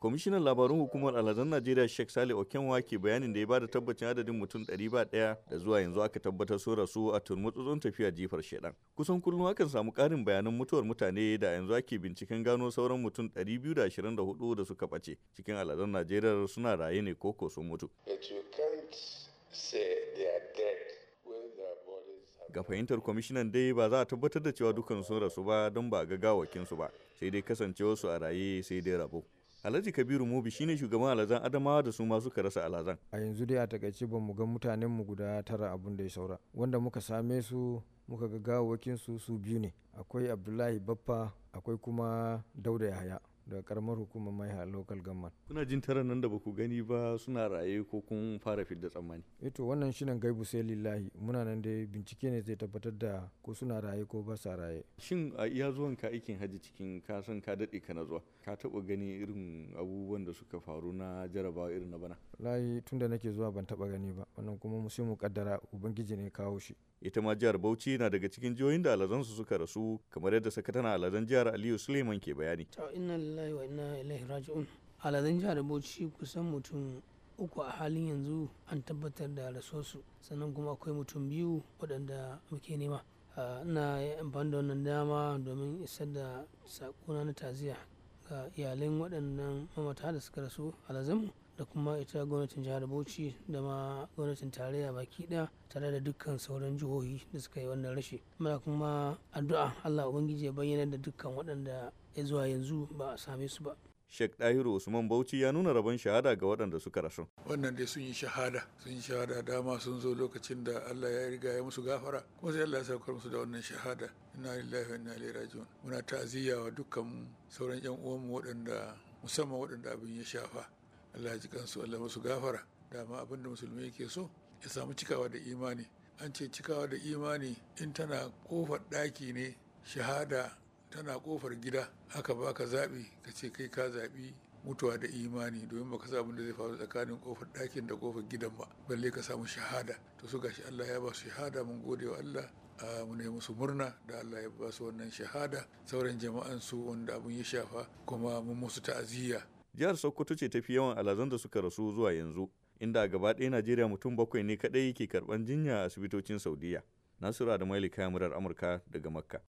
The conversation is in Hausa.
kwamishinan labarun hukumar aladun najeriya sheikh sale okenwa ke bayanin da ya bada tabbacin adadin mutum 101 da zuwa yanzu aka tabbatar su rasu a turmutsutsun tafiya jifar shedan kusan kullum akan samu karin bayanan mutuwar mutane da yanzu ake binciken gano sauran mutum 224 da suka bace cikin aladun najeriya suna raye ne koko sun mutu Ga fahimtar kwamishinan dai ba za a tabbatar da cewa dukkan sun rasu ba don ba ga gawakinsu ba, sai dai kasancewarsu a raye sai dai rabo. Alhaji Kabiru Mubi shine shugaban alazan Adamawa da su ma suka rasa alazan. A yanzu dai a takaice ba mu ga mutanen mu guda tara abun da ya saura. Wanda muka same su muka ga gawakin su su biyu ne. Akwai Abdullahi Baffa akwai kuma Dauda Yahaya. da karamar hukumar maiha local government kuna jin tara nan da baku gani ba suna raye ko kun fara fidda tsammani eto eh wannan shinan gaibu sai lillahi muna nan dai bincike ne zai tabbatar da ko suna raye ko ba sa raye shin a iya zuwan ka aikin haji cikin ka san ka dade ka na zuwa ka taba gani irin abubuwan da suka faru na jarabawa irin na bana layi tunda nake zuwa ban taba gani ba wannan kuma mu sai mu kaddara ubangiji ne kawo shi ita ma jihar bauchi na daga cikin jihohin da alazansu suka rasu kamar yadda sakatana alazan jihar aliyu suleiman ke bayani inna lillahi raji'un alazan jihar bauchi kusan mutum uku a halin yanzu an tabbatar da rasuwarsu sannan kuma akwai mutum biyu waɗanda muke nema ina amfani da wannan dama domin isar da sakona na taziya ga iyalan waɗannan mamata da suka rasu alazanmu da kuma ita gwamnatin jihar bauchi da ma gwamnatin tarayya baki ɗaya tare da dukkan sauran jihohi da suka yi wannan rashi muna kuma addu'a allah ubangiji ya bayyana da dukkan waɗanda ya zuwa yanzu ba a same su ba Sheikh Dahiru Usman Bauchi ya nuna rabon shahada ga waɗanda suka rasu. Wannan dai sun yi shahada, sun yi shahada dama sun zo lokacin da Allah ya riga ya musu gafara, kuma sai Allah ya saukar musu da wannan shahada. ina lillahi wa inna ilaihi raji'un. Muna ta'aziyya wa dukkan sauran 'yan uwanmu waɗanda musamman waɗanda abin ya shafa Allah ya ji kansu Allah musu gafara dama abin da musulmi yake so ya samu cikawa da imani an ce cikawa da imani in tana kofar ɗaki ne shahada tana kofar gida aka baka zaɓi ka ce kai ka zaɓi mutuwa da imani domin baka samu da zai faru tsakanin kofar ɗakin da kofar gidan ba balle ka samu shahada to su gashi Allah ya ba su shahada mun gode wa Allah a mu musu murna da Allah ya ba su wannan shahada sauran jama'an su wanda abun ya shafa kuma mun musu ta'aziyya Jihar Sokoto ce tafi yawan alazan da suka rasu zuwa yanzu, inda gaba ɗaya Najeriya mutum bakwai ne kaɗai ke karɓan jinya a asibitocin Saudiya. nasiru da Maili murar Amurka daga Makka.